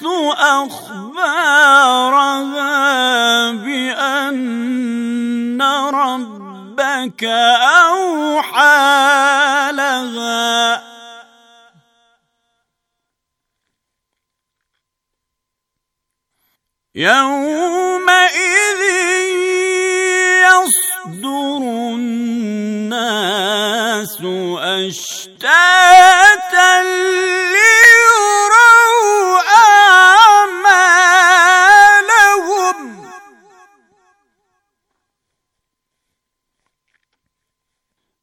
يبعث أخبارها بأن ربك أوحى لها يومئذ يصدر الناس أشتاتا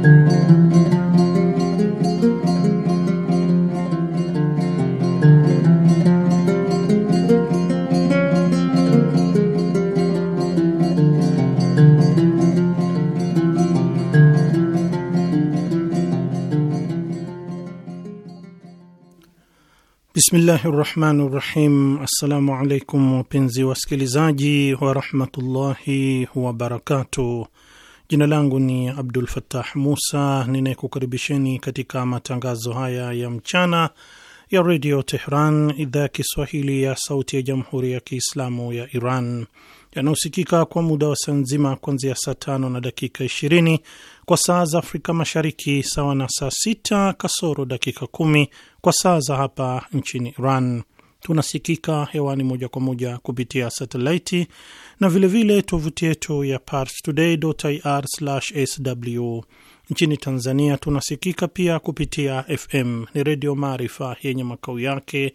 Bismillahi rahmani rahim. Assalamu alaikum wapenzi wasikilizaji warahmatullahi wabarakatuh. Jina langu ni Abdul Fattah Musa ninayekukaribisheni katika matangazo haya ya mchana ya redio Tehran, idhaa ya Kiswahili ya sauti ya jamhuri ya Kiislamu ya Iran, yanayosikika kwa muda wa saa nzima kuanzia saa tano na dakika 20 kwa saa za Afrika Mashariki, sawa na saa sita kasoro dakika kumi kwa saa za hapa nchini Iran Tunasikika hewani moja kwa moja kupitia satelaiti na vilevile tovuti yetu ya parstoday.ir/sw. Nchini Tanzania tunasikika pia kupitia FM ni Redio Maarifa yenye makao yake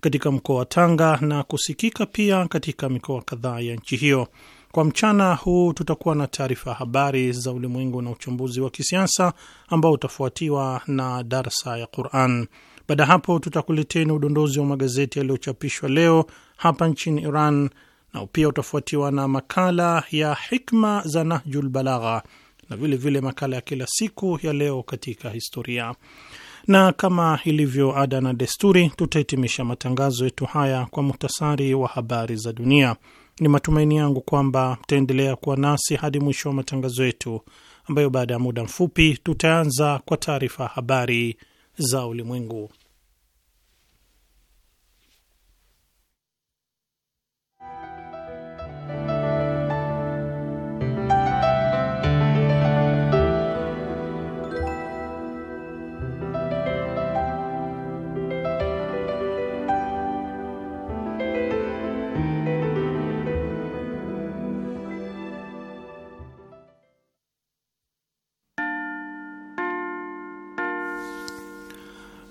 katika mkoa wa Tanga na kusikika pia katika mikoa kadhaa ya nchi hiyo. Kwa mchana huu tutakuwa na taarifa habari za ulimwengu na uchambuzi wa kisiasa ambao utafuatiwa na darsa ya Quran. Baada ya hapo, tutakuleteni udondozi wa magazeti yaliyochapishwa leo hapa nchini Iran, nao pia utafuatiwa na makala ya hikma za Nahjul Balagha na vilevile vile makala ya kila siku ya leo katika historia, na kama ilivyo ada na desturi, tutahitimisha matangazo yetu haya kwa muhtasari wa habari za dunia. Ni matumaini yangu kwamba mtaendelea kuwa nasi hadi mwisho wa matangazo yetu, ambayo baada ya muda mfupi tutaanza kwa taarifa habari za ulimwengu.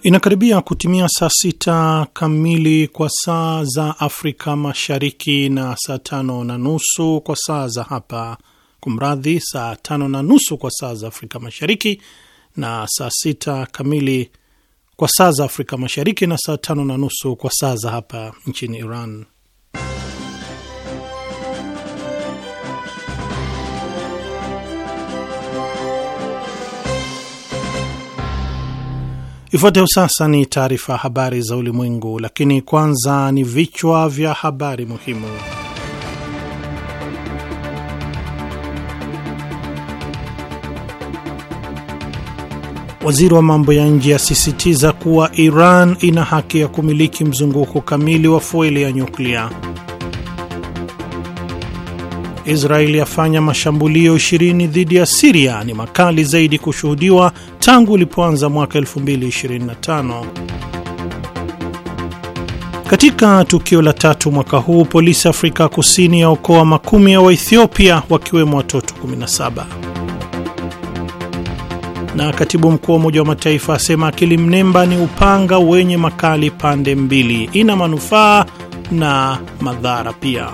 Inakaribia kutimia saa sita kamili kwa saa za Afrika Mashariki na saa tano na nusu kwa saa za hapa kumradhi, saa tano na nusu kwa saa za Afrika Mashariki na saa sita kamili kwa saa za Afrika Mashariki na saa tano na nusu kwa saa za hapa nchini Iran. Ifuatayo sasa ni taarifa ya habari za ulimwengu, lakini kwanza ni vichwa vya habari muhimu. Waziri wa mambo ya nje asisitiza kuwa Iran ina haki ya kumiliki mzunguko kamili wa fueli ya nyuklia. Israel yafanya mashambulio 20 dhidi ya Siria ni makali zaidi kushuhudiwa tangu ulipoanza mwaka 2025. Katika tukio la tatu mwaka huu, polisi Afrika Kusini yaokoa makumi ya Waethiopia wakiwemo watoto 17 na katibu mkuu wa Umoja wa Mataifa asema akili mnemba ni upanga wenye makali pande mbili, ina manufaa na madhara pia.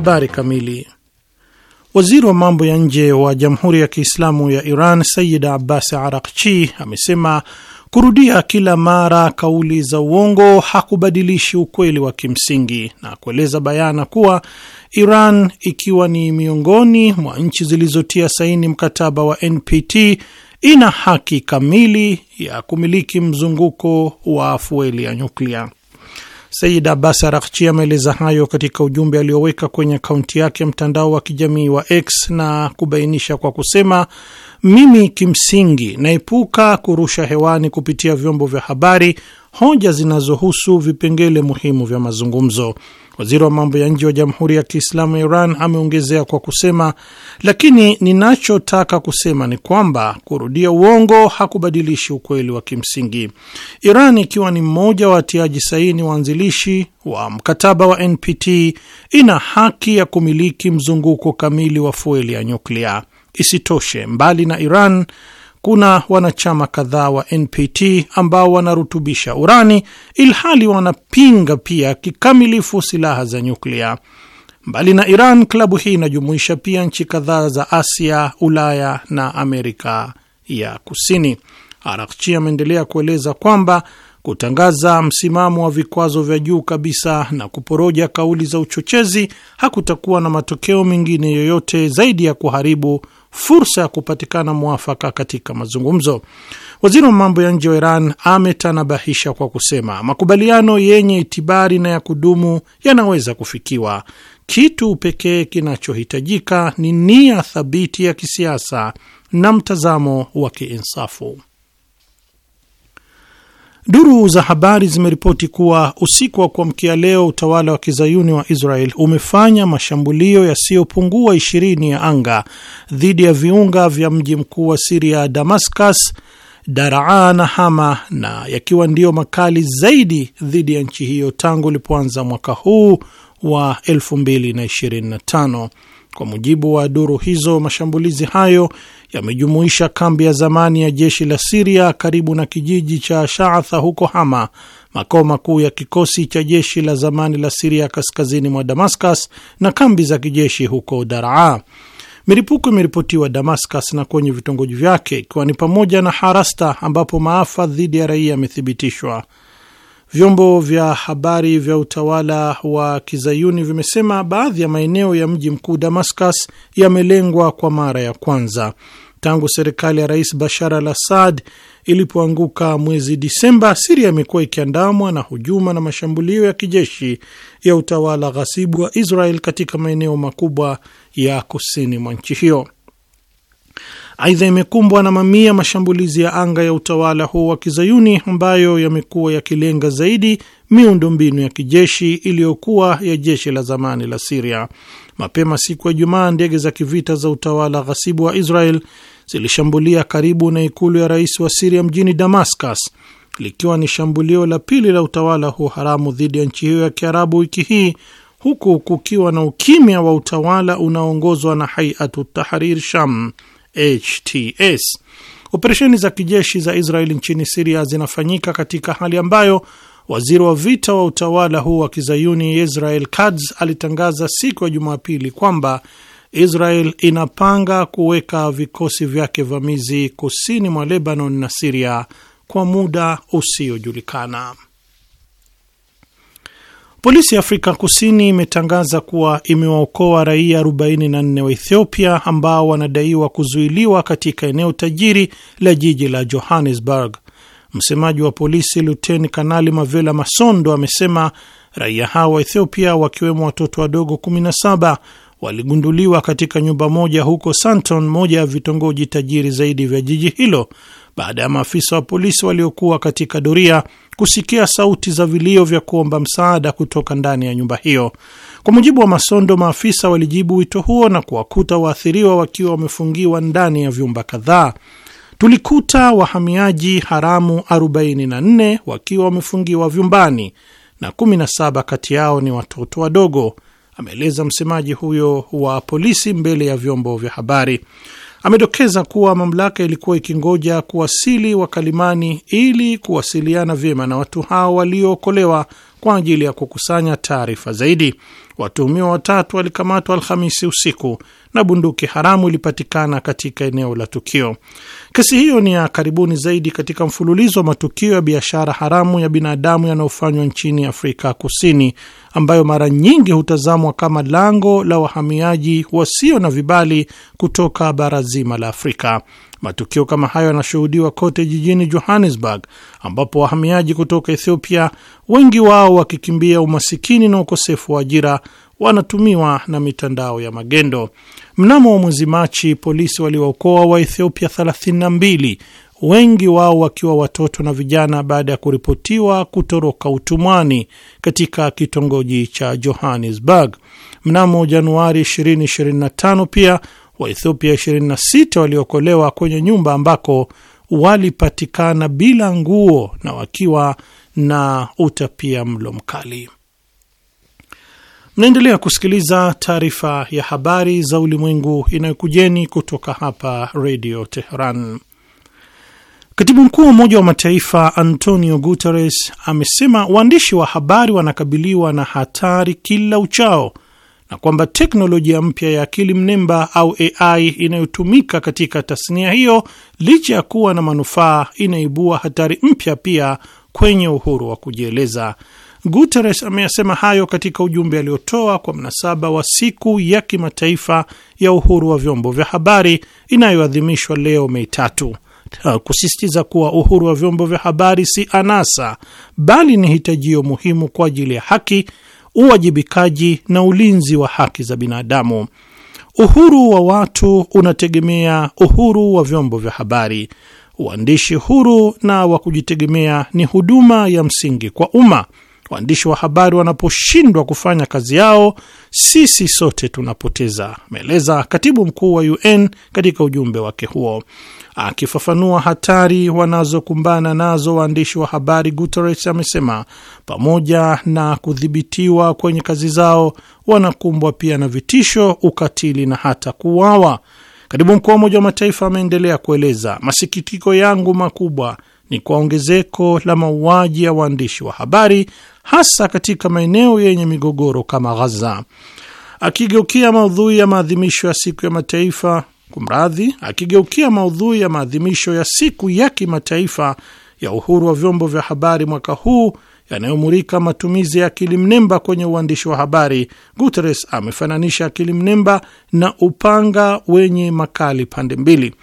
Habari kamili. Waziri wa mambo ya nje wa Jamhuri ya Kiislamu ya Iran Sayid Abbas Arakchi amesema kurudia kila mara kauli za uongo hakubadilishi ukweli wa kimsingi, na kueleza bayana kuwa Iran ikiwa ni miongoni mwa nchi zilizotia saini mkataba wa NPT ina haki kamili ya kumiliki mzunguko wa fueli ya nyuklia. Said Abbas Araghchi ameeleza hayo katika ujumbe alioweka kwenye akaunti yake mtandao wa kijamii wa X na kubainisha kwa kusema, mimi kimsingi naepuka kurusha hewani kupitia vyombo vya habari hoja zinazohusu vipengele muhimu vya mazungumzo. Waziri wa mambo ya nje wa Jamhuri ya Kiislamu ya Iran ameongezea kwa kusema, lakini ninachotaka kusema ni kwamba kurudia uongo hakubadilishi ukweli wa kimsingi. Iran ikiwa ni mmoja wa watiaji saini waanzilishi wa mkataba wa NPT ina haki ya kumiliki mzunguko kamili wa fueli ya nyuklia. Isitoshe, mbali na Iran kuna wanachama kadhaa wa NPT ambao wanarutubisha urani ilhali wanapinga pia kikamilifu silaha za nyuklia. Mbali na Iran, klabu hii inajumuisha pia nchi kadhaa za Asia, Ulaya na Amerika ya Kusini. Arakchi ameendelea kueleza kwamba kutangaza msimamo wa vikwazo vya juu kabisa na kuporoja kauli za uchochezi hakutakuwa na matokeo mengine yoyote zaidi ya kuharibu fursa ya kupatikana mwafaka katika mazungumzo. Waziri wa mambo ya nje wa Iran ametanabahisha kwa kusema makubaliano yenye itibari na ya kudumu yanaweza kufikiwa. Kitu pekee kinachohitajika ni nia thabiti ya kisiasa na mtazamo wa kiinsafu. Duru za habari zimeripoti kuwa usiku wa kuamkia leo utawala wa kizayuni wa Israel umefanya mashambulio yasiyopungua ishirini ya anga dhidi ya viunga vya mji mkuu wa Siria Damascus, Daraa na Hama, na yakiwa ndiyo makali zaidi dhidi ya nchi hiyo tangu ulipoanza mwaka huu wa 2025. Kwa mujibu wa duru hizo, mashambulizi hayo yamejumuisha kambi ya zamani ya jeshi la Siria karibu na kijiji cha Shaatha huko Hama, makao makuu ya kikosi cha jeshi la zamani la Siria kaskazini mwa Damascus, na kambi za kijeshi huko Daraa. Milipuko imeripotiwa Damascus na kwenye vitongoji vyake, ikiwa ni pamoja na Harasta ambapo maafa dhidi ya raia yamethibitishwa Vyombo vya habari vya utawala wa kizayuni vimesema baadhi ya maeneo ya mji mkuu Damascus yamelengwa kwa mara ya kwanza tangu serikali ya Rais Bashar al Assad ilipoanguka mwezi Disemba. Siria imekuwa ikiandamwa na hujuma na mashambulio ya kijeshi ya utawala ghasibu wa Israel katika maeneo makubwa ya kusini mwa nchi hiyo. Aidha, imekumbwa na mamia mashambulizi ya anga ya utawala huo wa kizayuni ambayo yamekuwa yakilenga zaidi miundombinu ya kijeshi iliyokuwa ya jeshi la zamani la Siria. Mapema siku ya Jumaa, ndege za kivita za utawala ghasibu wa Israel zilishambulia karibu na ikulu ya rais wa Siria mjini Damascus, likiwa ni shambulio la pili la utawala huo haramu dhidi ya nchi hiyo ya kiarabu wiki hii, huku kukiwa na ukimya wa utawala unaoongozwa na Haiatu Tahrir Sham HTS. Operesheni za kijeshi za Israeli nchini Siria zinafanyika katika hali ambayo waziri wa vita wa utawala huu wa kizayuni Israel Katz alitangaza siku ya Jumapili kwamba Israel inapanga kuweka vikosi vyake vamizi kusini mwa Lebanon na Siria kwa muda usiojulikana. Polisi ya Afrika Kusini imetangaza kuwa imewaokoa raia 44 wa Ethiopia ambao wanadaiwa kuzuiliwa katika eneo tajiri la jiji la Johannesburg. Msemaji wa polisi Luteni Kanali Mavela Masondo amesema raia hao wa Ethiopia, wakiwemo watoto wadogo 17 waligunduliwa katika nyumba moja huko santon moja ya vitongoji tajiri zaidi vya jiji hilo, baada ya maafisa wa polisi waliokuwa katika doria kusikia sauti za vilio vya kuomba msaada kutoka ndani ya nyumba hiyo. Kwa mujibu wa Masondo, maafisa walijibu wito huo na kuwakuta waathiriwa wakiwa wamefungiwa ndani ya vyumba kadhaa. Tulikuta wahamiaji haramu 44 wakiwa wamefungiwa vyumbani na 17 kati yao ni watoto wadogo, ameeleza msemaji huyo wa polisi mbele ya vyombo vya habari. Amedokeza kuwa mamlaka ilikuwa ikingoja kuwasili wakalimani ili kuwasiliana vyema na watu hao waliookolewa kwa ajili ya kukusanya taarifa zaidi. Watuhumiwa watatu walikamatwa Alhamisi usiku na bunduki haramu ilipatikana katika eneo la tukio. Kesi hiyo ni ya karibuni zaidi katika mfululizo wa matukio ya biashara haramu ya binadamu yanayofanywa nchini Afrika Kusini, ambayo mara nyingi hutazamwa kama lango la wahamiaji wasio na vibali kutoka bara zima la Afrika. Matukio kama hayo yanashuhudiwa kote jijini Johannesburg, ambapo wahamiaji kutoka Ethiopia, wengi wao wakikimbia umasikini na ukosefu wa ajira, wanatumiwa na mitandao ya magendo. Mnamo mwezi Machi, polisi waliwaokoa Waethiopia 32 wengi wao wakiwa watoto na vijana baada ya kuripotiwa kutoroka utumwani katika kitongoji cha Johannesburg. Mnamo Januari 2025 pia Waethiopia 26 waliokolewa kwenye nyumba ambako walipatikana bila nguo na wakiwa na utapia mlo mkali. Mnaendelea kusikiliza taarifa ya habari za ulimwengu inayokujeni kutoka hapa redio Teheran. Katibu mkuu wa Umoja wa Mataifa Antonio Guterres amesema waandishi wa habari wanakabiliwa na hatari kila uchao na kwamba teknolojia mpya ya akili mnemba au AI inayotumika katika tasnia hiyo, licha ya kuwa na manufaa, inaibua hatari mpya pia kwenye uhuru wa kujieleza. Guterres ameyasema hayo katika ujumbe aliotoa kwa mnasaba wa siku ya kimataifa ya uhuru wa vyombo vya habari inayoadhimishwa leo Mei tatu, kusisitiza kuwa uhuru wa vyombo vya habari si anasa, bali ni hitajio muhimu kwa ajili ya haki uwajibikaji na ulinzi wa haki za binadamu. Uhuru wa watu unategemea uhuru wa vyombo vya habari. Uandishi huru na wa kujitegemea ni huduma ya msingi kwa umma. Waandishi wa habari wanaposhindwa kufanya kazi yao, sisi sote tunapoteza, ameeleza katibu mkuu wa UN katika ujumbe wake huo. Akifafanua hatari wanazokumbana nazo waandishi wa habari, Guterres amesema pamoja na kudhibitiwa kwenye kazi zao, wanakumbwa pia na vitisho, ukatili na hata kuuawa. Katibu mkuu wa Umoja wa Mataifa ameendelea kueleza, masikitiko yangu makubwa ni kwa ongezeko la mauaji ya waandishi wa habari hasa katika maeneo yenye migogoro kama Ghaza. Akigeukia maudhui ya maadhimisho ya siku ya mataifa Kumradhi, akigeukia maudhui ya maadhimisho ya siku ya kimataifa ya uhuru wa vyombo vya habari mwaka huu yanayomurika matumizi ya akili mnemba kwenye uandishi wa habari, Guterres amefananisha akili mnemba na upanga wenye makali pande mbili.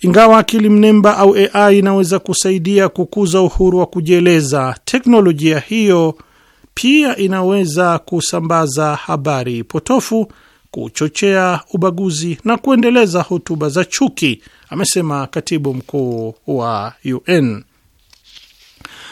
Ingawa akili mnemba au AI inaweza kusaidia kukuza uhuru wa kujieleza, teknolojia hiyo pia inaweza kusambaza habari potofu kuchochea ubaguzi na kuendeleza hotuba za chuki, amesema katibu mkuu wa UN.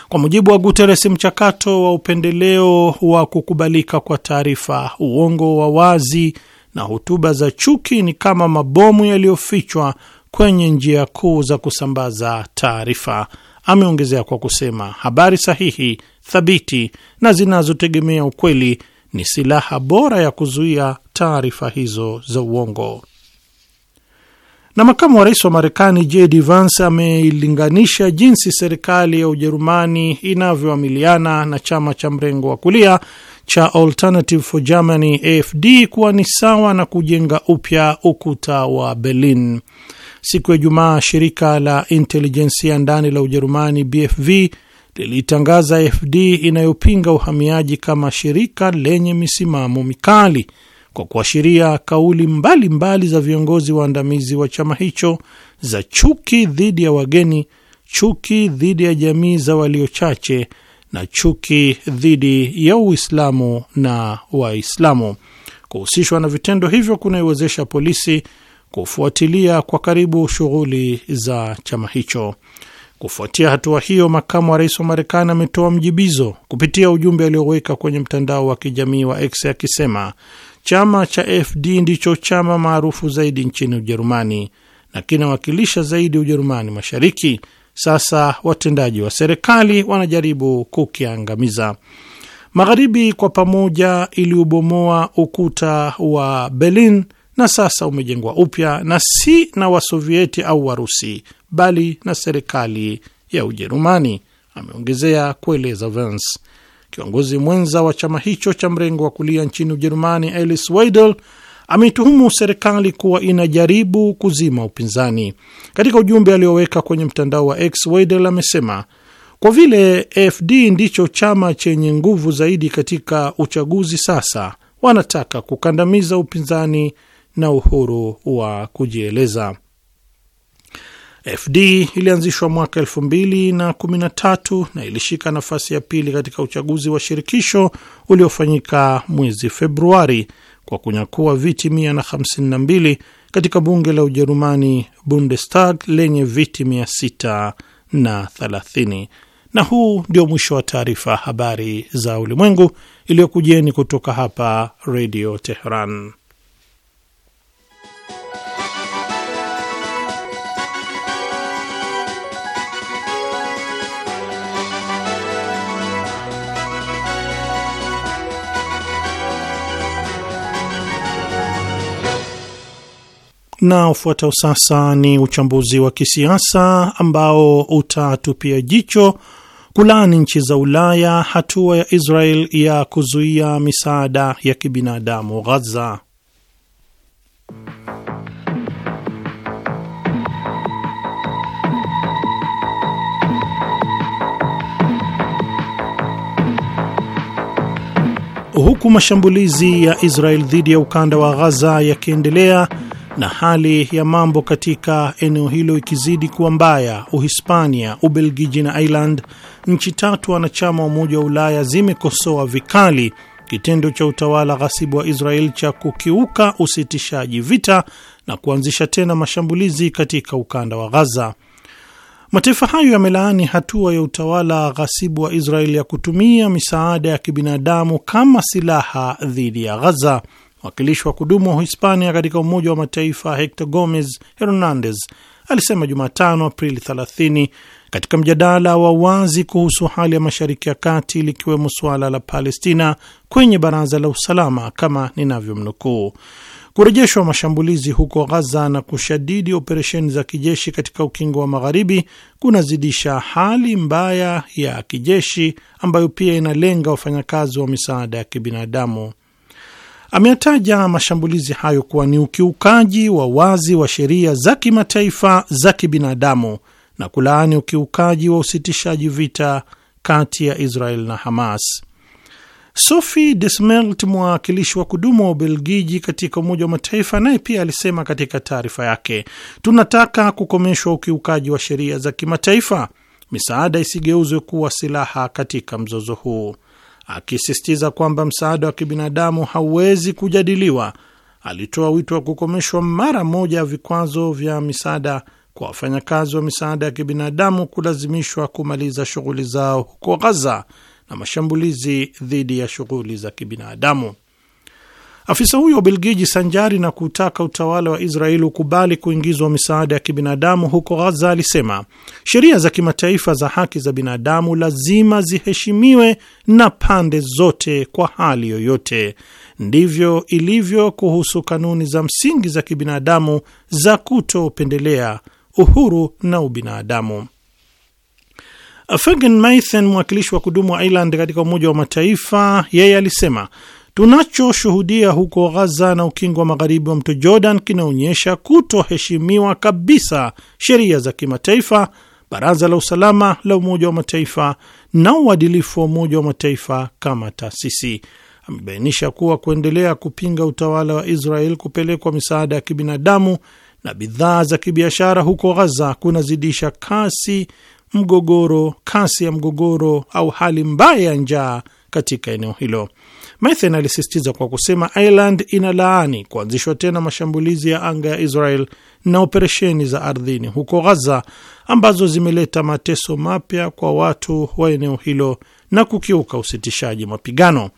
Kwa mujibu wa guteres mchakato wa upendeleo wa kukubalika kwa taarifa, uongo wa wazi na hotuba za chuki ni kama mabomu yaliyofichwa kwenye njia kuu za kusambaza taarifa. Ameongezea kwa kusema, habari sahihi, thabiti na zinazotegemea ukweli ni silaha bora ya kuzuia taarifa hizo za uongo. Na makamu wa rais wa Marekani JD Vance ameilinganisha jinsi serikali ya Ujerumani inavyoamiliana na chama cha mrengo wa kulia cha Alternative for Germany AFD kuwa ni sawa na kujenga upya ukuta wa Berlin. Siku ya Ijumaa, shirika la intelijensi ya ndani la Ujerumani BFV liliitangaza AFD inayopinga uhamiaji kama shirika lenye misimamo mikali kwa kuashiria kauli mbalimbali mbali za viongozi waandamizi wa chama hicho za chuki dhidi ya wageni, chuki dhidi ya jamii za walio chache na chuki dhidi ya Uislamu na Waislamu. Kuhusishwa na vitendo hivyo kunaiwezesha polisi kufuatilia kwa karibu shughuli za chama hicho. Kufuatia hatua hiyo, makamu wa rais wa Marekani ametoa mjibizo kupitia ujumbe alioweka kwenye mtandao wa kijamii wa X akisema Chama cha FD ndicho chama maarufu zaidi nchini Ujerumani na kinawakilisha zaidi Ujerumani Mashariki. Sasa watendaji wa serikali wanajaribu kukiangamiza. Magharibi kwa pamoja iliubomoa ukuta wa Berlin na sasa umejengwa upya na si na Wasovieti au Warusi bali na serikali ya Ujerumani, ameongezea kueleza Vance. Kiongozi mwenza wa chama hicho cha mrengo wa kulia nchini Ujerumani, Alice Weidel, ameituhumu serikali kuwa inajaribu kuzima upinzani. Katika ujumbe alioweka kwenye mtandao wa X, Weidel amesema kwa vile AfD ndicho chama chenye nguvu zaidi katika uchaguzi sasa, wanataka kukandamiza upinzani na uhuru wa kujieleza. FD ilianzishwa mwaka 2013 na ilishika nafasi ya pili katika uchaguzi wa shirikisho uliofanyika mwezi Februari kwa kunyakua viti 152 katika bunge la Ujerumani Bundestag lenye viti 630. Na huu ndio mwisho wa taarifa habari za ulimwengu iliyokujeni kutoka hapa Radio Tehran. na ufuatao sasa ni uchambuzi wa kisiasa ambao utatupia jicho kulaani nchi za Ulaya hatua ya Israel ya kuzuia misaada ya kibinadamu Ghaza. Huku mashambulizi ya Israel dhidi ya ukanda wa Ghaza yakiendelea na hali ya mambo katika eneo hilo ikizidi kuwa mbaya, Uhispania, Ubelgiji na Ireland, nchi tatu wanachama wa Umoja wa Ulaya, zimekosoa vikali kitendo cha utawala ghasibu wa Israel cha kukiuka usitishaji vita na kuanzisha tena mashambulizi katika ukanda wa Gaza. Mataifa hayo yamelaani hatua ya utawala ghasibu wa Israel ya kutumia misaada ya kibinadamu kama silaha dhidi ya Gaza. Mwakilishi wa kudumu wa Hispania katika Umoja wa Mataifa Hector Gomez Hernandez alisema Jumatano, Aprili 30 katika mjadala wa wazi kuhusu hali ya Mashariki ya Kati likiwemo suala la Palestina kwenye Baraza la Usalama, kama ninavyomnukuu: kurejeshwa mashambulizi huko Ghaza na kushadidi operesheni za kijeshi katika Ukingo wa Magharibi kunazidisha hali mbaya ya kijeshi ambayo pia inalenga wafanyakazi wa misaada ya kibinadamu. Ameyataja mashambulizi hayo kuwa ni ukiukaji wa wazi wa sheria za kimataifa za kibinadamu na kulaani ukiukaji wa usitishaji vita kati ya Israel na Hamas. Sophie Desmelt, mwakilishi wa kudumu wa Ubelgiji katika Umoja wa Mataifa, naye pia alisema katika taarifa yake, tunataka kukomeshwa ukiukaji wa sheria za kimataifa, misaada isigeuzwe kuwa silaha katika mzozo huu akisisitiza kwamba msaada wa kibinadamu hauwezi kujadiliwa, alitoa wito wa kukomeshwa mara moja vikwazo vya misaada kwa wafanyakazi wa misaada ya kibinadamu kulazimishwa kumaliza shughuli zao huko Ghaza na mashambulizi dhidi ya shughuli za kibinadamu. Afisa huyo wa Ubelgiji, sanjari na kutaka utawala wa Israeli ukubali kuingizwa misaada ya kibinadamu huko Ghaza, alisema sheria za kimataifa za haki za binadamu lazima ziheshimiwe na pande zote kwa hali yoyote. Ndivyo ilivyo kuhusu kanuni za msingi za kibinadamu za kutopendelea, uhuru na ubinadamu. Fergen Maithen, mwakilishi wa kudumu wa Ireland katika Umoja wa Mataifa, yeye alisema Tunachoshuhudia huko Ghaza na ukingo wa magharibi wa mto Jordan kinaonyesha kutoheshimiwa kabisa sheria za kimataifa, baraza la usalama la Umoja wa Mataifa na uadilifu wa Umoja wa Mataifa kama taasisi. Amebainisha kuwa kuendelea kupinga utawala wa Israel kupelekwa misaada ya kibinadamu na bidhaa za kibiashara huko Ghaza kunazidisha kasi mgogoro, kasi ya mgogoro au hali mbaya ya njaa katika eneo hilo. Mathen alisisitiza kwa kusema Ireland ina laani kuanzishwa tena mashambulizi ya anga ya Israel na operesheni za ardhini huko Ghaza ambazo zimeleta mateso mapya kwa watu wa eneo hilo na kukiuka usitishaji mapigano.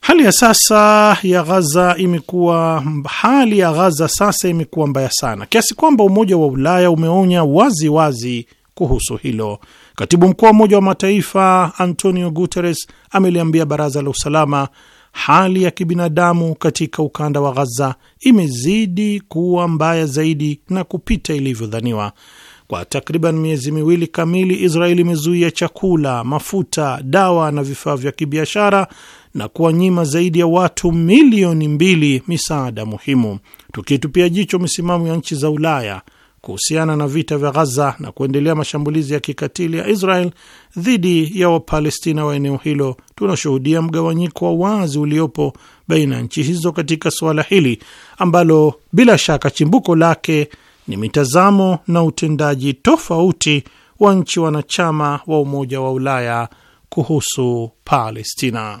Hali ya sasa ya ghaza imekuwa hali ya ghaza sasa imekuwa mbaya sana kiasi kwamba Umoja wa Ulaya umeonya wazi wazi kuhusu hilo Katibu mkuu wa Umoja wa Mataifa Antonio Guterres ameliambia baraza la usalama hali ya kibinadamu katika ukanda wa Ghaza imezidi kuwa mbaya zaidi na kupita ilivyodhaniwa. Kwa takriban miezi miwili kamili, Israeli imezuia chakula, mafuta, dawa na vifaa vya kibiashara na kuwanyima zaidi ya watu milioni mbili misaada muhimu. Tukitupia jicho misimamo ya nchi za Ulaya kuhusiana na vita vya Ghaza na kuendelea mashambulizi ya kikatili ya Israel dhidi ya Wapalestina wa eneo hilo, tunashuhudia mgawanyiko wa wazi uliopo baina ya nchi hizo katika suala hili ambalo bila shaka chimbuko lake ni mitazamo na utendaji tofauti wa nchi wanachama wa Umoja wa Ulaya kuhusu Palestina.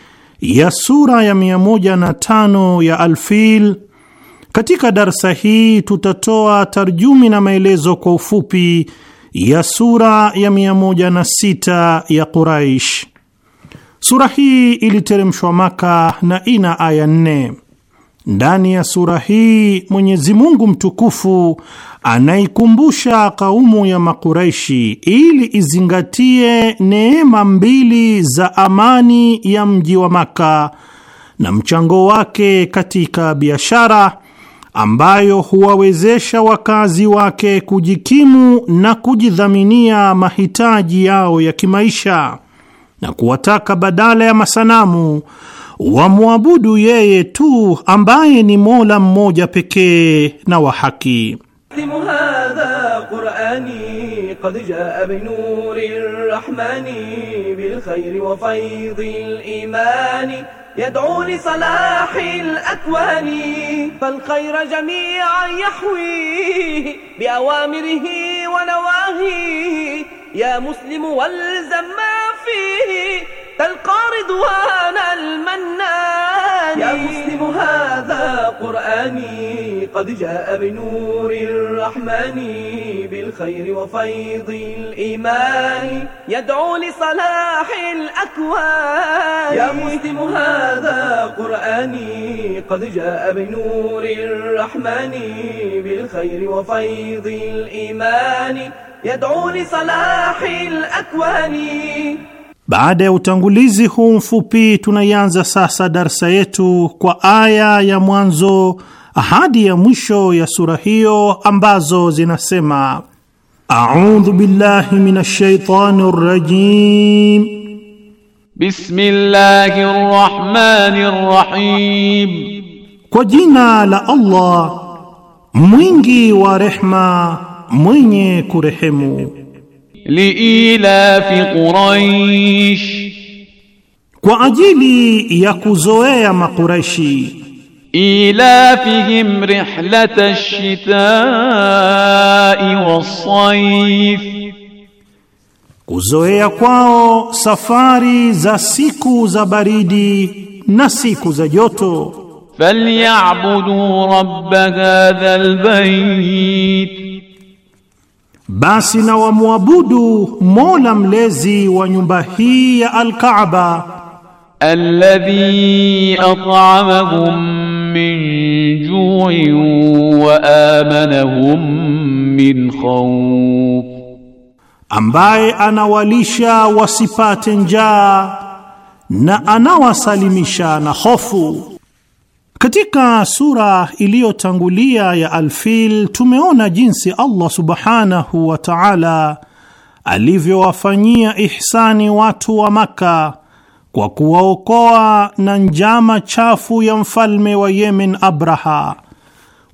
ya sura ya 105 ya Alfil. Katika darsa hii tutatoa tarjumi na maelezo kwa ufupi ya sura ya 106 ya Quraish. Sura hii iliteremshwa Maka na ina aya nne. Ndani ya sura hii Mwenyezi Mungu mtukufu anaikumbusha kaumu ya Makuraishi ili izingatie neema mbili za amani ya mji wa Maka na mchango wake katika biashara ambayo huwawezesha wakazi wake kujikimu na kujidhaminia mahitaji yao ya kimaisha na kuwataka badala ya masanamu wamwabudu yeye tu ambaye ni Mola mmoja pekee na wa haki. يدعو لصلاح الأكوان فالخير جميعا يحويه بأوامره ونواهيه يا مسلم والزم ما فيه تلقى رضوان المن يا مسلم هذا قرآني قد جاء بنور الرحمن بالخير وفيض الإيمان يدعو لصلاح الأكوان يا مسلم هذا قرآني قد جاء بنور الرحمن بالخير وفيض الإيمان يدعو لصلاح الأكوان Baada ya utangulizi huu mfupi, tunaianza sasa darsa yetu kwa aya ya mwanzo hadi ya mwisho ya sura hiyo ambazo zinasema: audhu billahi minash shaitani rajim, bismillahi rahmani rahim. kwa jina la Allah mwingi wa rehma mwenye kurehemu liilafi Quraish, kwa ajili ya kuzoea Makuraishi. Ilafihim rihlata shitai was kuzoea kwao safari za siku za baridi na siku za joto. Falyabudu rabb hadha al basi na wamwabudu Mola mlezi wa nyumba hii ya Al-Kaaba, alladhi at'amahum min ju'in wa amanahum min khawf, ambaye anawalisha wasipate njaa na anawasalimisha na hofu. Katika sura iliyotangulia ya Alfil tumeona jinsi Allah subhanahu wa taala alivyowafanyia ihsani watu wa Maka kwa kuwaokoa na njama chafu ya mfalme wa Yemen Abraha,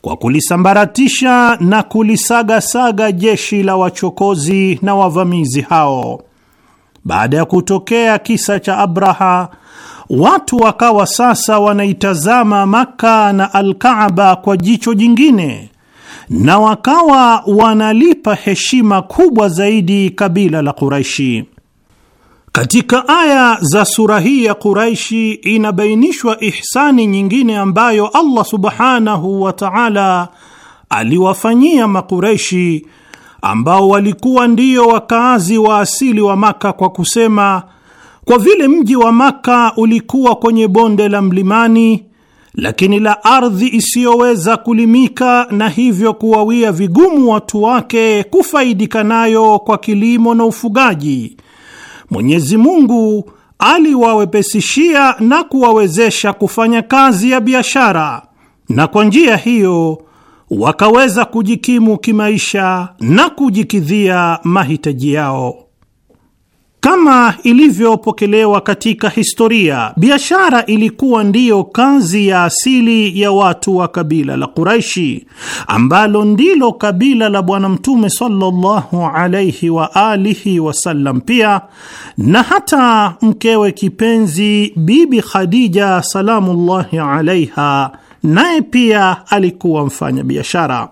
kwa kulisambaratisha na kulisagasaga jeshi la wachokozi na wavamizi hao. Baada ya kutokea kisa cha Abraha watu wakawa sasa wanaitazama Maka na Alkaaba kwa jicho jingine na wakawa wanalipa heshima kubwa zaidi kabila la Quraishi. Katika aya za sura hii ya Quraishi inabainishwa ihsani nyingine ambayo Allah subhanahu wa taala aliwafanyia Makuraishi ambao walikuwa ndiyo wakaazi wa asili wa Maka kwa kusema kwa vile mji wa Maka ulikuwa kwenye bonde la mlimani, lakini la ardhi isiyoweza kulimika, na hivyo kuwawia vigumu watu wake kufaidika nayo kwa kilimo na ufugaji, Mwenyezi Mungu aliwawepesishia na kuwawezesha kufanya kazi ya biashara, na kwa njia hiyo wakaweza kujikimu kimaisha na kujikidhia mahitaji yao. Kama ilivyopokelewa katika historia, biashara ilikuwa ndiyo kazi ya asili ya watu wa kabila la Quraishi, ambalo ndilo kabila la Bwana Mtume sallallahu alaihi wa alihi wasallam pia, na hata mkewe kipenzi Bibi Khadija salamullahi alaiha, naye pia alikuwa mfanya biashara.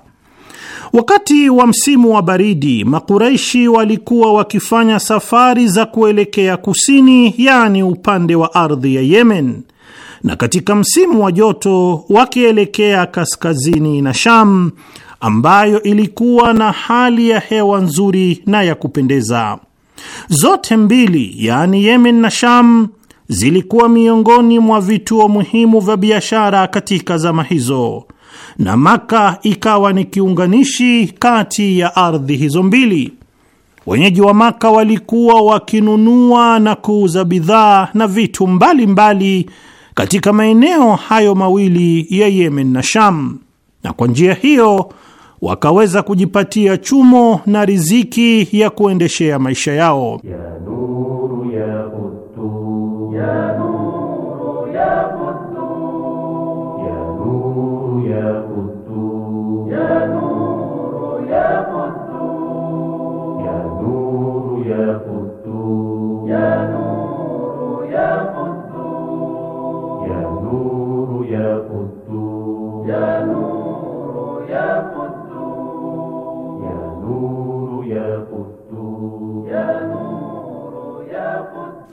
Wakati wa msimu wa baridi, Makuraishi walikuwa wakifanya safari za kuelekea kusini, yaani upande wa ardhi ya Yemen, na katika msimu wa joto wakielekea kaskazini na Sham ambayo ilikuwa na hali ya hewa nzuri na ya kupendeza. Zote mbili, yaani Yemen na Sham, zilikuwa miongoni mwa vituo muhimu vya biashara katika zama hizo na Maka ikawa ni kiunganishi kati ya ardhi hizo mbili. Wenyeji wa Maka walikuwa wakinunua na kuuza bidhaa na vitu mbalimbali mbali katika maeneo hayo mawili ya Yemen na Sham, na kwa njia hiyo wakaweza kujipatia chumo na riziki ya kuendeshea maisha yao ya nuru, ya utu, ya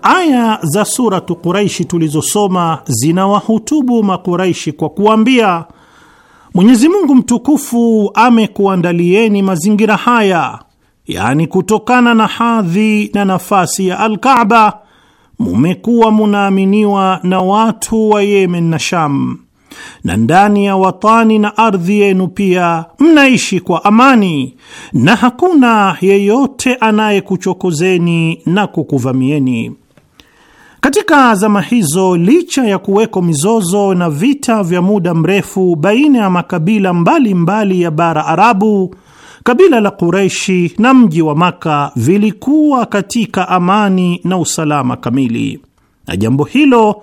Aya za Suratu Quraishi tulizosoma zinawahutubu Makuraishi kwa kuambia Mwenyezi Mungu mtukufu amekuandalieni mazingira haya, yaani kutokana na hadhi na nafasi ya alkaaba mumekuwa munaaminiwa na watu wa Yemen na Sham, na ndani ya watani na ardhi yenu pia mnaishi kwa amani, na hakuna yeyote anayekuchokozeni na kukuvamieni. Katika zama hizo, licha ya kuweko mizozo na vita vya muda mrefu baina ya makabila mbalimbali mbali ya bara Arabu, kabila la Kureishi na mji wa Maka vilikuwa katika amani na usalama kamili, na jambo hilo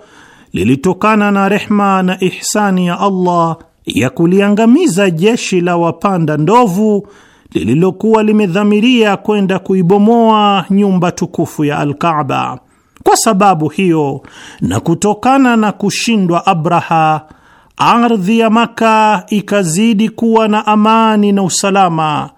lilitokana na rehma na ihsani ya Allah ya kuliangamiza jeshi la wapanda ndovu lililokuwa limedhamiria kwenda kuibomoa nyumba tukufu ya Alkaaba. Kwa sababu hiyo na kutokana na kushindwa Abraha, ardhi ya Maka ikazidi kuwa na amani na usalama,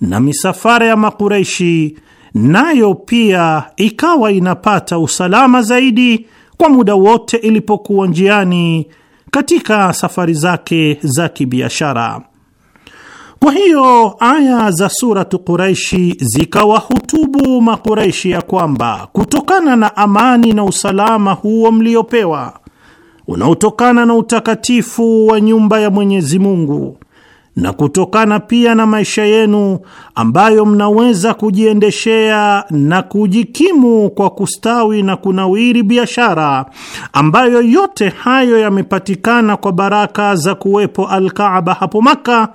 na misafara ya Makureishi nayo pia ikawa inapata usalama zaidi kwa muda wote ilipokuwa njiani katika safari zake za kibiashara. Kwa hiyo aya za Suratu Quraishi zikawahutubu Makuraishi ya kwamba kutokana na amani na usalama huo mliopewa unaotokana na utakatifu wa nyumba ya Mwenyezi Mungu na kutokana pia na maisha yenu ambayo mnaweza kujiendeshea na kujikimu kwa kustawi na kunawiri biashara, ambayo yote hayo yamepatikana kwa baraka za kuwepo Alkaaba hapo Maka,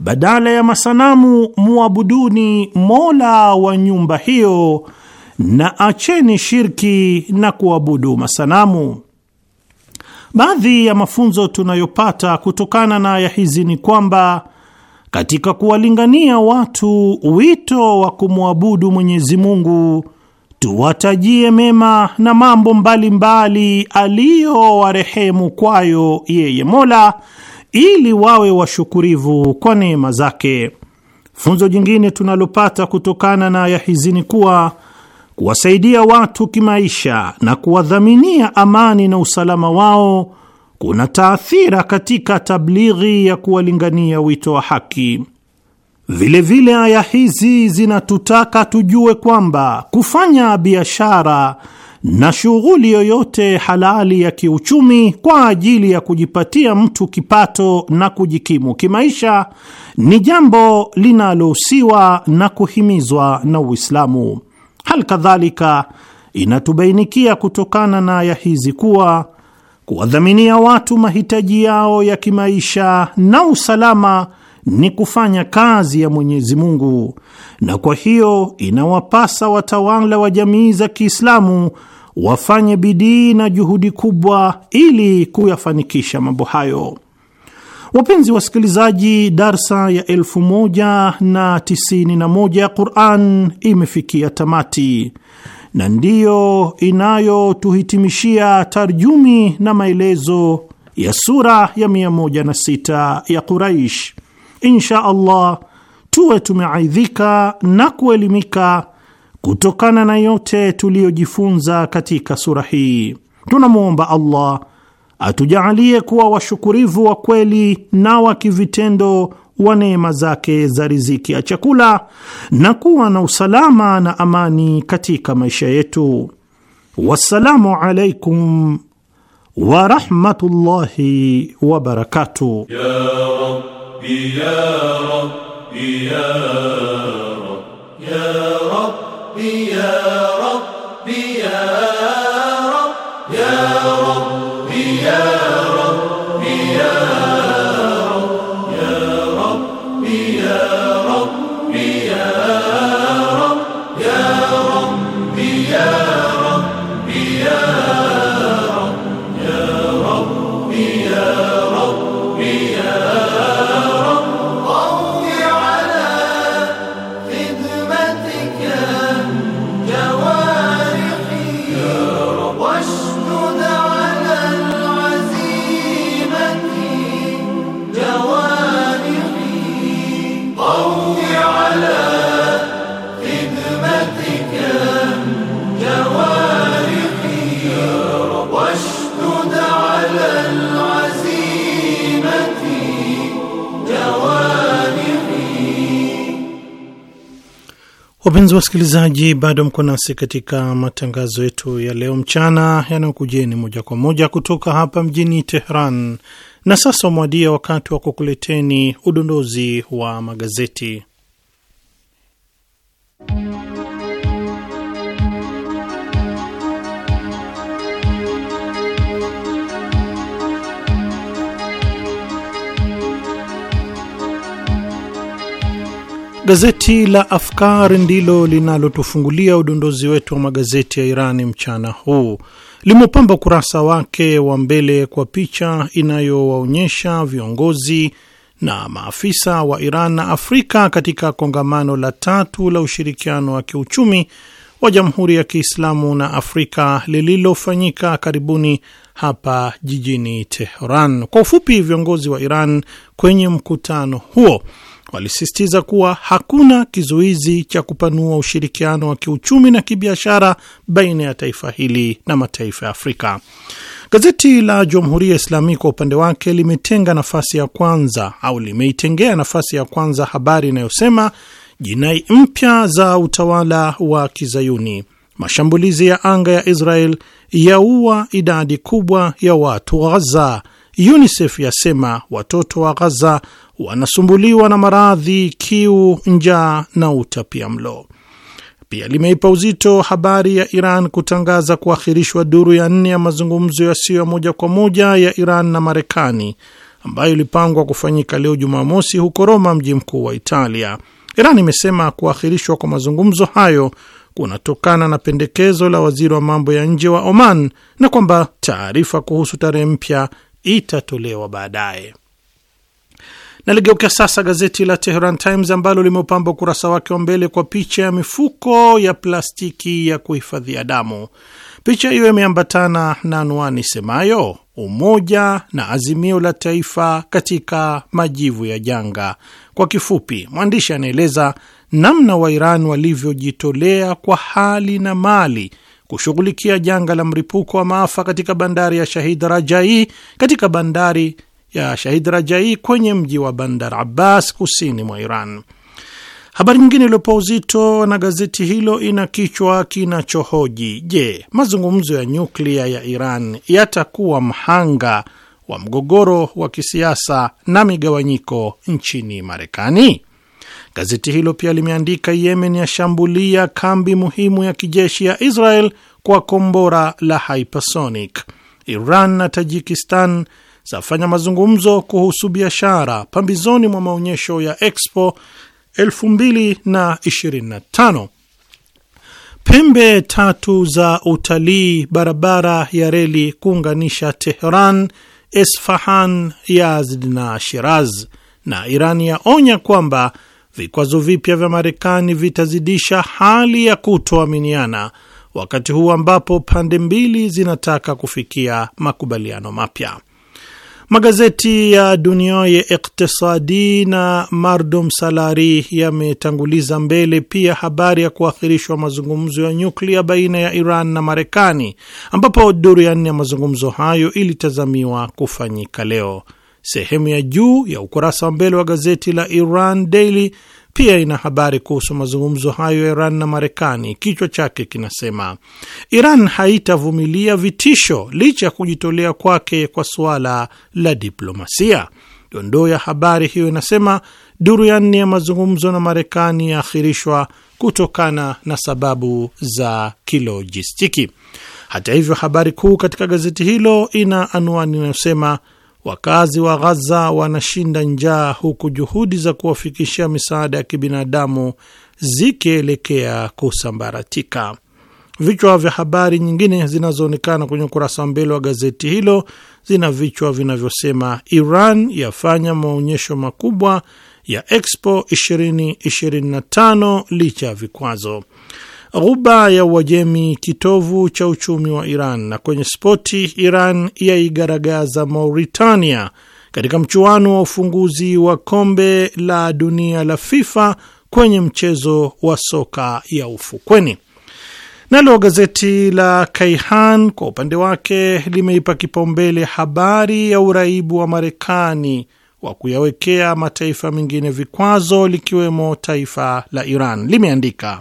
badala ya masanamu muabuduni Mola wa nyumba hiyo, na acheni shirki na kuabudu masanamu. Baadhi ya mafunzo tunayopata kutokana na aya hizi ni kwamba katika kuwalingania watu wito wa kumwabudu Mwenyezi Mungu, tuwatajie mema na mambo mbalimbali aliyowarehemu kwayo yeye Mola ili wawe washukurivu kwa neema zake. Funzo jingine tunalopata kutokana na aya hizi ni kuwa kuwasaidia watu kimaisha na kuwadhaminia amani na usalama wao kuna taathira katika tablighi ya kuwalingania wito wa haki. Vilevile aya hizi zinatutaka tujue kwamba kufanya biashara na shughuli yoyote halali ya kiuchumi kwa ajili ya kujipatia mtu kipato na kujikimu kimaisha ni jambo linalohusiwa na kuhimizwa na Uislamu. Hal kadhalika inatubainikia kutokana na aya hizi kuwa kuwadhaminia watu mahitaji yao ya kimaisha na usalama ni kufanya kazi ya Mwenyezi Mungu, na kwa hiyo inawapasa watawala wa jamii za Kiislamu wafanye bidii na juhudi kubwa ili kuyafanikisha mambo hayo. Wapenzi wasikilizaji, darsa ya elfu na ya Quran imefikia tamati na ndiyo inayotuhitimishia tarjumi na maelezo ya sura ya 106 ya Quraish. Insha Allah tuwe tumeaidhika na kuelimika Kutokana na yote tuliyojifunza katika sura hii, tunamwomba Allah atujaalie kuwa washukurivu wa kweli na wa kivitendo wa neema zake za riziki ya chakula na kuwa na usalama na amani katika maisha yetu. Wassalamu alaikum wa rahmatullahi wa barakatuh. Ya Rabbi, ya Rabbi, ya Rabbi, ya Rabbi. ربي يا ربي يا رب يا ربي يا رب Wapenzi wasikilizaji, bado mko nasi katika matangazo yetu ya leo mchana yanayokujeni moja kwa moja kutoka hapa mjini Tehran, na sasa umewadia wakati wa kukuleteni udondozi wa magazeti. Gazeti la Afkar ndilo linalotufungulia udondozi wetu wa magazeti ya Irani mchana huu. Limepamba ukurasa wake wa mbele kwa picha inayowaonyesha viongozi na maafisa wa Iran na Afrika katika kongamano la tatu la ushirikiano wa kiuchumi wa Jamhuri ya Kiislamu na Afrika lililofanyika karibuni hapa jijini Teheran. Kwa ufupi, viongozi wa Iran kwenye mkutano huo walisisitiza kuwa hakuna kizuizi cha kupanua ushirikiano wa kiuchumi na kibiashara baina ya taifa hili na mataifa ya Afrika. Gazeti la jamhuria Islami kwa upande wake limetenga nafasi ya kwanza au limeitengea nafasi ya kwanza habari inayosema jinai mpya za utawala wa Kizayuni, mashambulizi ya anga ya Israel yaua idadi kubwa ya watu wa Ghaza, UNICEF yasema watoto wa Ghaza wanasumbuliwa na maradhi, kiu, njaa na mlo Pia limeipa uzito habari ya Iran kutangaza kuahirishwa duru ya nne ya mazungumzo yasiyo ya moja kwa moja ya Iran na Marekani ambayo ilipangwa kufanyika leo Jumamosi huko Roma, mji mkuu wa Italia. Iran imesema kuahirishwa kwa mazungumzo hayo kunatokana na pendekezo la waziri wa mambo ya nje wa Oman na kwamba taarifa kuhusu tarehe mpya itatolewa baadaye. Naligeukia sasa gazeti la Teheran Times ambalo limeupamba ukurasa wake wa mbele kwa picha ya mifuko ya plastiki ya kuhifadhia damu. Picha hiyo imeambatana na anwani semayo umoja na azimio la taifa katika majivu ya janga. Kwa kifupi, mwandishi anaeleza namna wairan walivyojitolea kwa hali na mali kushughulikia janga la mlipuko wa maafa katika bandari ya Shahid Rajai katika bandari ya Shahid Rajai kwenye mji wa Bandar Abbas kusini mwa Iran. Habari nyingine iliyopewa uzito na gazeti hilo ina kichwa kinachohoji je, mazungumzo ya nyuklia ya Iran yatakuwa mhanga wa mgogoro wa kisiasa na migawanyiko nchini Marekani? Gazeti hilo pia limeandika Yemen yashambulia kambi muhimu ya kijeshi ya Israel kwa kombora la hypersonic. Iran na Tajikistan zafanya mazungumzo kuhusu biashara pambizoni mwa maonyesho ya Expo 2025. Pembe tatu za utalii, barabara ya reli kuunganisha Tehran, Esfahan, Yazd na Shiraz. Na Irani yaonya kwamba vikwazo vipya vya Marekani vitazidisha hali ya kutoaminiana wakati huu ambapo pande mbili zinataka kufikia makubaliano mapya. Magazeti ya dunia ya Iktisadi na Mardum Salari yametanguliza mbele pia habari ya kuakhirishwa mazungumzo ya nyuklia baina ya Iran na Marekani, ambapo duru ya nne ya mazungumzo hayo ilitazamiwa kufanyika leo. Sehemu ya juu ya ukurasa wa mbele wa gazeti la Iran Daily pia ina habari kuhusu mazungumzo hayo ya Iran na Marekani. Kichwa chake kinasema Iran haitavumilia vitisho licha ya kujitolea kwake kwa suala la diplomasia. Dondoo ya habari hiyo inasema duru ya nne ya mazungumzo na Marekani yaakhirishwa kutokana na sababu za kilojistiki. Hata hivyo, habari kuu katika gazeti hilo ina anwani inayosema Wakazi wa Ghaza wanashinda njaa huku juhudi za kuwafikishia misaada ya kibinadamu zikielekea kusambaratika. Vichwa vya habari nyingine zinazoonekana kwenye ukurasa wa mbele wa gazeti hilo zina vichwa vinavyosema Iran yafanya maonyesho makubwa ya Expo 2025 licha ya vikwazo Ghuba ya Uajemi kitovu cha uchumi wa Iran, na kwenye spoti Iran yaigaragaza Mauritania katika mchuano wa ufunguzi wa kombe la dunia la FIFA kwenye mchezo wa soka ya ufukweni. Nalo gazeti la Kaihan kwa upande wake limeipa kipaumbele habari ya uraibu wa Marekani wa kuyawekea mataifa mengine vikwazo likiwemo taifa la Iran. Limeandika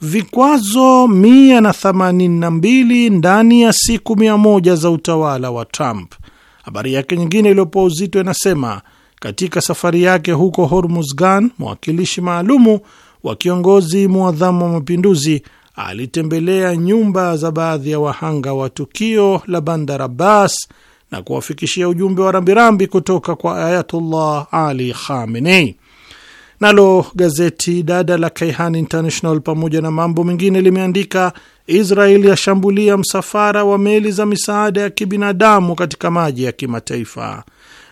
vikwazo 182 ndani ya siku 100 za utawala wa Trump. Habari yake nyingine iliyopoa uzito inasema katika safari yake huko Hormuzgan, mwakilishi maalumu wa kiongozi mwadhamu wa mapinduzi alitembelea nyumba za baadhi ya wahanga wa tukio la Bandar Abbas na kuwafikishia ujumbe wa rambirambi kutoka kwa Ayatullah Ali Khamenei. Nalo gazeti dada la Kaihan International pamoja na mambo mengine limeandika Israel yashambulia msafara wa meli za misaada ya kibinadamu katika maji ya kimataifa.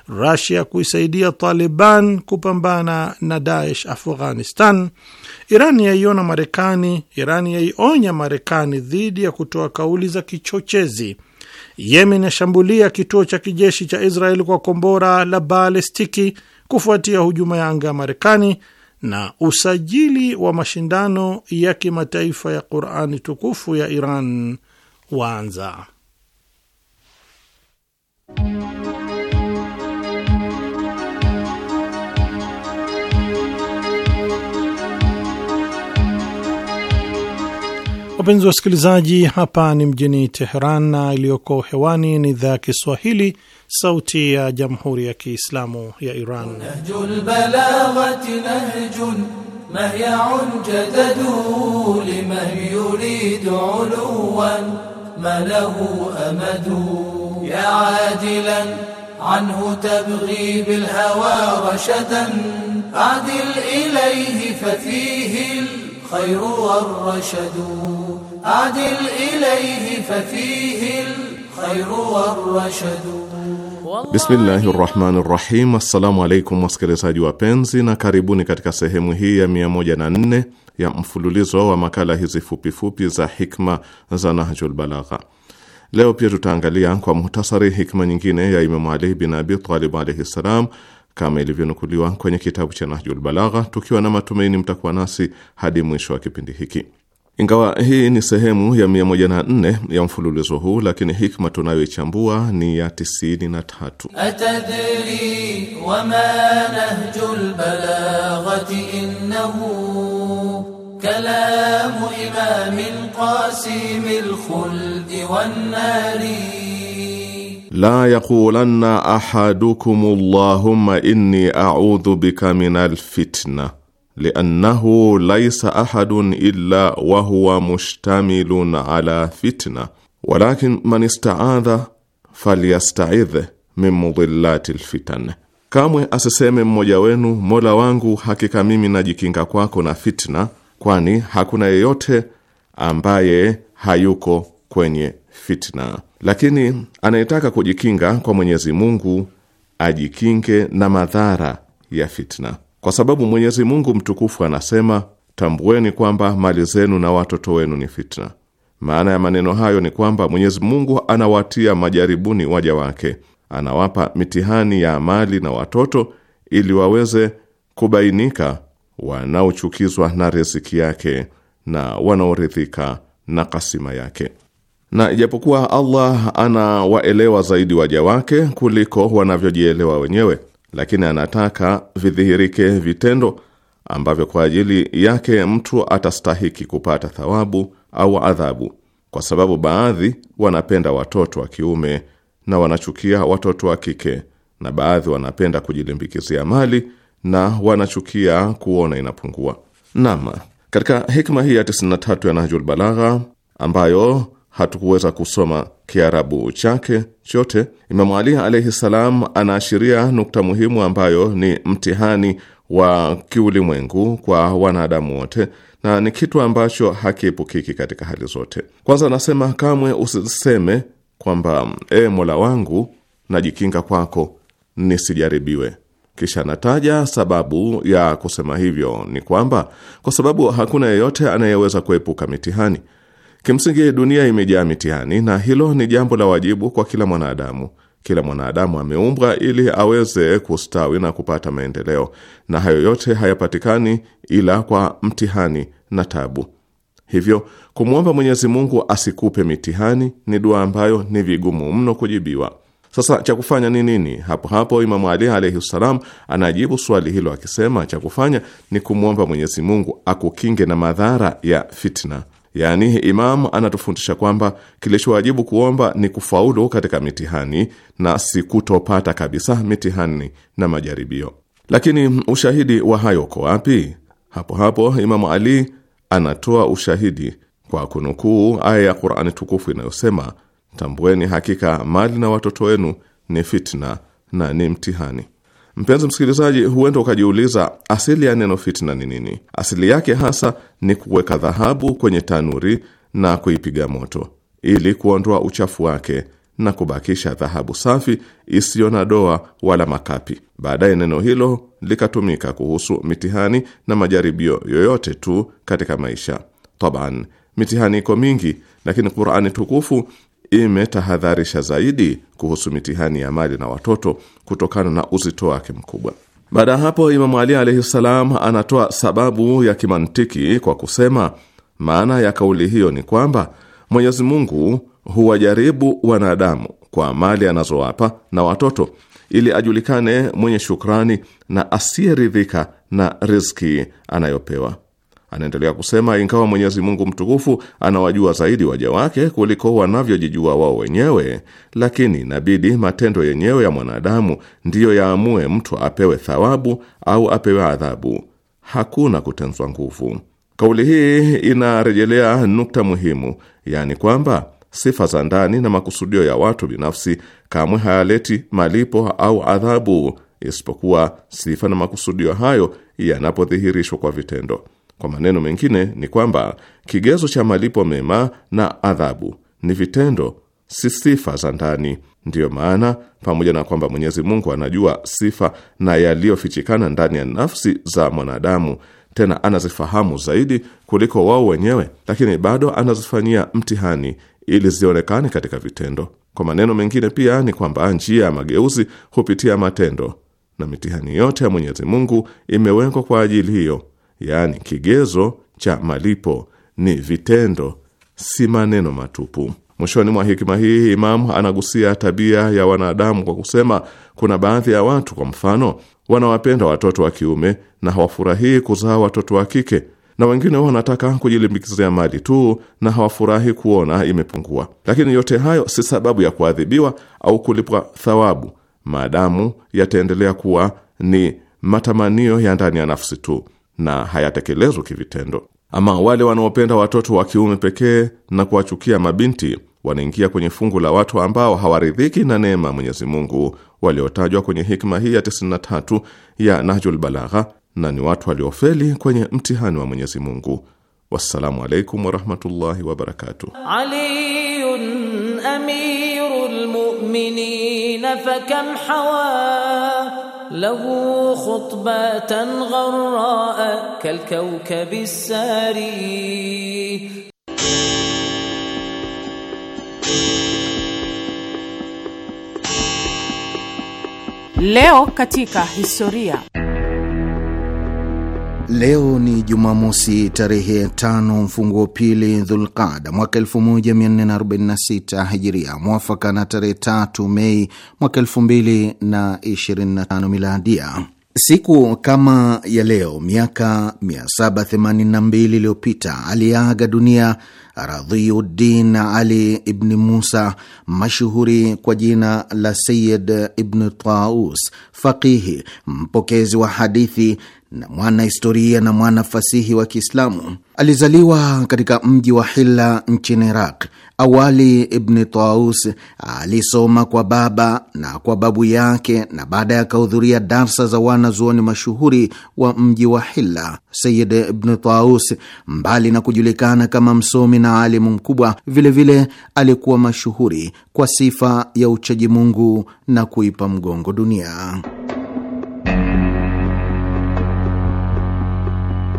rusia kuisaidia Taliban kupambana na Daesh Afghanistan. Iran yaiona Marekani, Iran yaionya Marekani dhidi ya kutoa kauli za kichochezi. Yemen yashambulia kituo cha kijeshi cha Israel kwa kombora la balestiki kufuatia hujuma ya anga ya Marekani na usajili wa mashindano ya kimataifa ya Qurani tukufu ya Iran waanza. Wapenzi wa wasikilizaji, hapa ni mjini Teheran na iliyoko hewani ni idhaa ya Kiswahili sauti ya Jamhuri ya Kiislamu ya Iran. Nahjul balaghati nahjun mahyaun jadadu liman yuridu uluwan ma lahu amadu ya adilan anhu tabghi bil hawa rashadan adil ilayhi fafihi al khayr wal rashadu أعدل إليه ففيه الخير والرشد Bismillahi rahmani rahim. Assalamu alaikum wasikilizaji wapenzi, na karibuni katika sehemu hii ya 104 ya mfululizo wa makala hizi fupifupi za hikma za Nahjul Balagha. Leo pia tutaangalia kwa muhtasari hikma nyingine ya Imamu Ali bin Abi Talib alaihi ssalam kama ilivyonukuliwa kwenye kitabu cha Nahjul Balagha, tukiwa na matumaini mtakuwa nasi hadi mwisho wa kipindi hiki. Ingawa hii ni sehemu ya 104 ya mfululizo huu, lakini hikma tunayoichambua ni ya 93. la yaqulanna ahadukum allahumma inni a'udhu bika min alfitna liannahu laisa ahadun illa wahuwa mushtamilun ala fitna walakin man istaadha falyastaidh min mudhillati lfitan, kamwe asiseme mmoja wenu Mola wangu, hakika mimi najikinga kwako na fitna, kwani hakuna yeyote ambaye hayuko kwenye fitna. Lakini anayetaka kujikinga kwa Mwenyezi Mungu ajikinge na madhara ya fitna kwa sababu Mwenyezi Mungu mtukufu anasema, tambueni kwamba mali zenu na watoto wenu ni fitna. Maana ya maneno hayo ni kwamba Mwenyezi Mungu anawatia majaribuni waja wake, anawapa mitihani ya mali na watoto ili waweze kubainika wanaochukizwa na riziki yake na wanaoridhika na kasima yake. Na ijapokuwa Allah anawaelewa zaidi waja wake kuliko wanavyojielewa wenyewe lakini anataka vidhihirike vitendo ambavyo kwa ajili yake mtu atastahiki kupata thawabu au adhabu, kwa sababu baadhi wanapenda watoto wa kiume na wanachukia watoto wa kike, na baadhi wanapenda kujilimbikizia mali na wanachukia kuona inapungua. Naam, katika hikma hii ya 93 ya Nahjul Balagha ambayo hatukuweza kusoma Kiarabu chake chote. Imamu Ali alaihi salam anaashiria nukta muhimu ambayo ni mtihani wa kiulimwengu kwa wanadamu wote na ni kitu ambacho hakiepukiki katika hali zote. Kwanza anasema kamwe usiseme kwamba e, Mola wangu najikinga kwako nisijaribiwe. Kisha anataja sababu ya kusema hivyo ni kwamba kwa sababu hakuna yeyote anayeweza kuepuka mitihani, Kimsingi, dunia imejaa mitihani na hilo ni jambo la wajibu kwa kila mwanadamu. Kila mwanadamu ameumbwa ili aweze kustawi na kupata maendeleo, na hayo yote hayapatikani ila kwa mtihani na tabu. Hivyo kumwomba Mwenyezi Mungu asikupe mitihani ni dua ambayo ni vigumu mno kujibiwa. Sasa cha kufanya ni nini? Hapo hapo Imamu Ali alaihi ssalam anajibu swali hilo akisema, cha kufanya ni kumwomba Mwenyezi Mungu akukinge na madhara ya fitna Yaani, Imam anatufundisha kwamba kilichowajibu kuomba ni kufaulu katika mitihani na si kutopata kabisa mitihani na majaribio. Lakini ushahidi wa hayo uko wapi? Hapo hapo Imamu Ali anatoa ushahidi kwa kunukuu aya ya Qur'ani tukufu inayosema, tambueni hakika mali na watoto wenu ni fitna na ni mtihani. Mpenzi msikilizaji, huenda ukajiuliza asili ya neno fitna ni nini? Asili yake hasa ni kuweka dhahabu kwenye tanuri na kuipiga moto ili kuondoa uchafu wake na kubakisha dhahabu safi isiyo na doa wala makapi. Baadaye neno hilo likatumika kuhusu mitihani na majaribio yoyote tu katika maisha. Taban, mitihani iko mingi, lakini Qur'ani tukufu imetahadharisha zaidi kuhusu mitihani ya mali na watoto kutokana na uzito wake mkubwa. Baada ya hapo, Imamu Ali alaihi ssalam anatoa sababu ya kimantiki kwa kusema, maana ya kauli hiyo ni kwamba Mwenyezi Mungu huwajaribu wanadamu kwa mali anazowapa na watoto ili ajulikane mwenye shukrani na asiyeridhika na riziki anayopewa. Anaendelea kusema ingawa Mwenyezi Mungu mtukufu anawajua zaidi waja wake kuliko wanavyojijua wao wenyewe, lakini inabidi matendo yenyewe ya mwanadamu ndiyo yaamue mtu apewe thawabu au apewe adhabu. Hakuna kutenzwa nguvu. Kauli hii inarejelea nukta muhimu, yaani kwamba sifa za ndani na makusudio ya watu binafsi kamwe hayaleti malipo au adhabu, isipokuwa sifa na makusudio hayo yanapodhihirishwa kwa vitendo. Kwa maneno mengine ni kwamba kigezo cha malipo mema na adhabu ni vitendo, si sifa za ndani. Ndiyo maana pamoja na kwamba Mwenyezi Mungu anajua sifa na yaliyofichikana ndani ya nafsi za mwanadamu, tena anazifahamu zaidi kuliko wao wenyewe, lakini bado anazifanyia mtihani ili zionekane katika vitendo. Kwa maneno mengine pia ni kwamba njia ya mageuzi hupitia matendo, na mitihani yote ya Mwenyezi Mungu imewekwa kwa ajili hiyo yaani kigezo cha malipo ni vitendo, si maneno matupu. Mwishoni mwa hikima hii, Imamu anagusia tabia ya wanadamu kwa kusema, kuna baadhi ya watu, kwa mfano, wanawapenda watoto wa kiume na hawafurahii kuzaa watoto wa kike, na wengine wanataka kujilimbikizia mali tu na hawafurahi kuona imepungua. Lakini yote hayo si sababu ya kuadhibiwa au kulipwa thawabu, maadamu yataendelea kuwa ni matamanio ya ndani ya nafsi tu na hayatekelezwi kivitendo. Ama wale wanaopenda watoto wa kiume pekee na kuwachukia mabinti wanaingia kwenye fungu la watu ambao hawaridhiki na neema Mwenyezi Mungu waliotajwa kwenye hikma hii ya 93 ya Nahjul Balagha, na ni watu waliofeli kwenye mtihani wa Mwenyezi Mungu. Wassalamu alaikum warahmatullahi wabarakatuh. Aliyun amirul mu'minin fakam hawa له خطبة غراء كالكوكب الساري Leo katika historia. Leo ni Jumamosi, tarehe tano mfunguo pili Dhulqada mwaka 1446 Hijiria, mwafaka na tarehe tatu Mei mwaka 2025 Miladia. Siku kama ya leo miaka 782 iliyopita aliaga dunia Radhiuddin Ali ibni Musa, mashuhuri kwa jina la Sayid ibn Taus, faqihi, mpokezi wa hadithi na mwana historia na mwana fasihi wa Kiislamu. Alizaliwa katika mji wa Hilla nchini Iraq. Awali Ibn Taus alisoma kwa baba na kwa babu yake, na baadaye akahudhuria darsa za wanazuoni mashuhuri wa mji wa Hilla. Sayid Ibn Taus, mbali na kujulikana kama msomi na alimu mkubwa, vilevile vile alikuwa mashuhuri kwa sifa ya uchaji Mungu na kuipa mgongo dunia.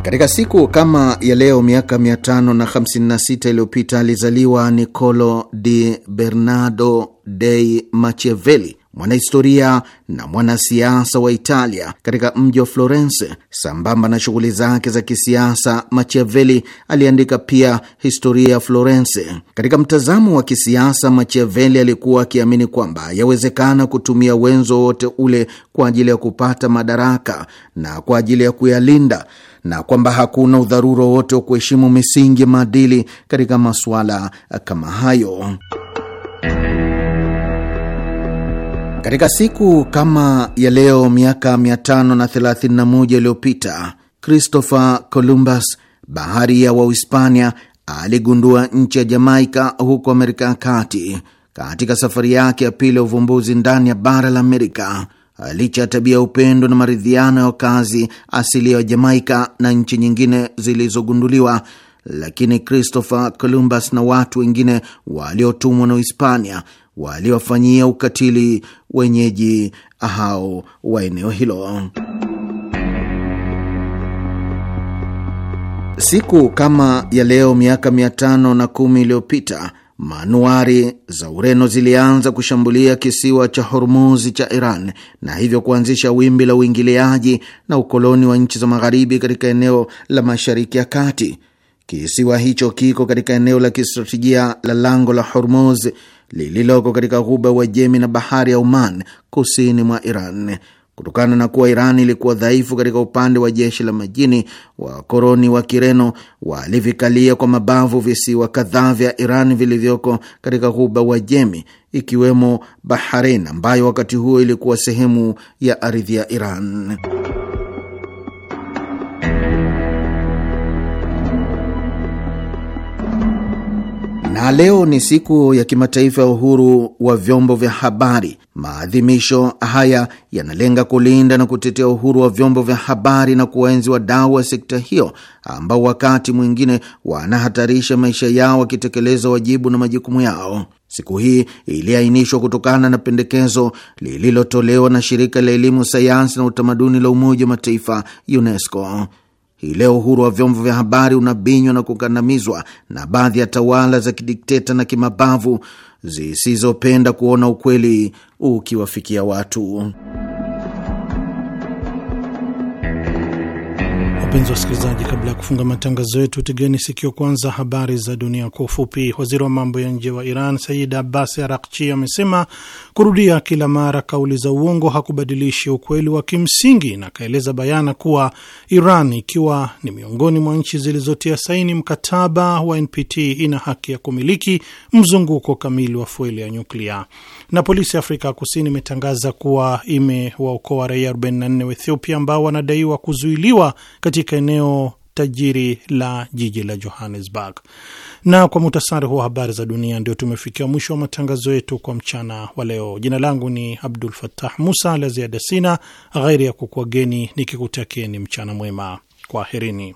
Katika siku kama ya leo miaka 556 iliyopita alizaliwa Nicolo di Bernardo dei Machiavelli, mwanahistoria na mwanasiasa wa Italia katika mji wa Florence. Sambamba na shughuli zake za kisiasa, Machiavelli aliandika pia historia ya Florence. Katika mtazamo wa kisiasa, Machiavelli alikuwa akiamini kwamba yawezekana kutumia wenzo wote ule kwa ajili ya kupata madaraka na kwa ajili ya kuyalinda na kwamba hakuna udharura wowote wa kuheshimu misingi ya maadili katika masuala kama hayo. Katika siku kama ya leo miaka 531 iliyopita Christopher Columbus, baharia wa Uhispania, aligundua nchi ya Jamaika huko Amerika ya Kati. Katika safari yake ya pili ya uvumbuzi ndani ya bara la Amerika, Ah, licha ya tabia ya upendo na maridhiano ya wakazi asilia wa Jamaika na nchi nyingine zilizogunduliwa, lakini Christopher Columbus na watu wengine waliotumwa na Uhispania waliwafanyia ukatili wenyeji hao wa eneo hilo. Siku kama ya leo miaka mia tano na kumi iliyopita Manuari za Ureno zilianza kushambulia kisiwa cha Hormuzi cha Iran na hivyo kuanzisha wimbi la uingiliaji na ukoloni wa nchi za magharibi katika eneo la Mashariki ya Kati. Kisiwa hicho kiko katika eneo la kistratejia la lango la Hormuzi lililoko katika ghuba Jemi na bahari ya Oman kusini mwa Iran. Kutokana na kuwa Iran ilikuwa dhaifu katika upande wa jeshi la majini, wakoloni wa Kireno walivikalia kwa mabavu visiwa kadhaa vya Iran vilivyoko katika ghuba jemi ikiwemo Bahrain ambayo wakati huo ilikuwa sehemu ya ardhi ya Iran. Na leo ni siku ya kimataifa ya uhuru wa vyombo vya habari. Maadhimisho haya yanalenga kulinda na kutetea uhuru wa vyombo vya habari na kuwaenzi wadau wa sekta hiyo ambao wakati mwingine wanahatarisha maisha yao wakitekeleza wajibu na majukumu yao. Siku hii iliainishwa kutokana na pendekezo lililotolewa na shirika la elimu, sayansi na utamaduni la Umoja wa Mataifa, UNESCO. Hii leo uhuru wa vyombo vya habari unabinywa na kukandamizwa na baadhi ya tawala za kidikteta na kimabavu zisizopenda kuona ukweli ukiwafikia watu. Wapenzi wasikilizaji, kabla ya kufunga matangazo yetu, tegeni sikio kwanza habari za dunia kwa ufupi. Waziri wa mambo ya nje wa Iran Said Abbas Arakchi amesema kurudia kila mara kauli za uongo hakubadilishi ukweli wa kimsingi, na akaeleza bayana kuwa Iran ikiwa ni miongoni mwa nchi zilizotia saini mkataba wa NPT ina haki ya kumiliki mzunguko kamili wa fueli ya nyuklia. Na polisi ya Afrika Kusini imetangaza kuwa imewaokoa raia 44 wa Ethiopia ambao wanadaiwa kuzuiliwa katika eneo tajiri la jiji la Johannesburg. Na kwa muhtasari huwa habari za dunia, ndio tumefikia mwisho wa matangazo yetu kwa mchana wa leo. Jina langu ni Abdul Fattah Musa. La ziada sina ghairi ya kukuageni nikikutakieni mchana mwema. Kwaherini